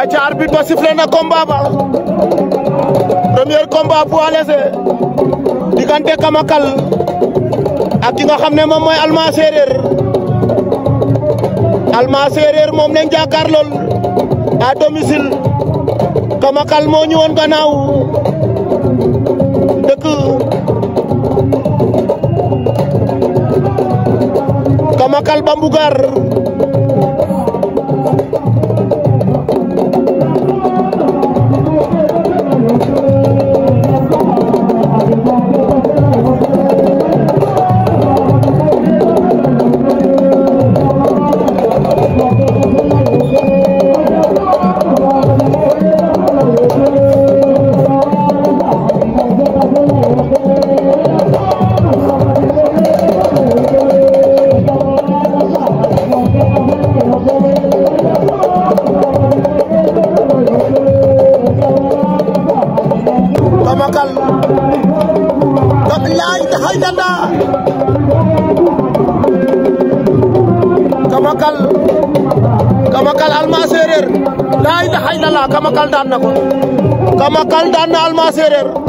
aca arbitre ba sifflé na combat ba premier combat poids léger diggante Kama Kal ak ki nga xam ne moom mooy Alma Sereer moom lañ jàkkaar lool à domicile Kama Kal moo ñëwoon gannaaw dëkk Kama Kal ba Tamakal wallaay taxay danda Tamakal Tamakal Alma Seereer laay taxay danda Tamakal daan na ko Tamakal daan na Alma Seereer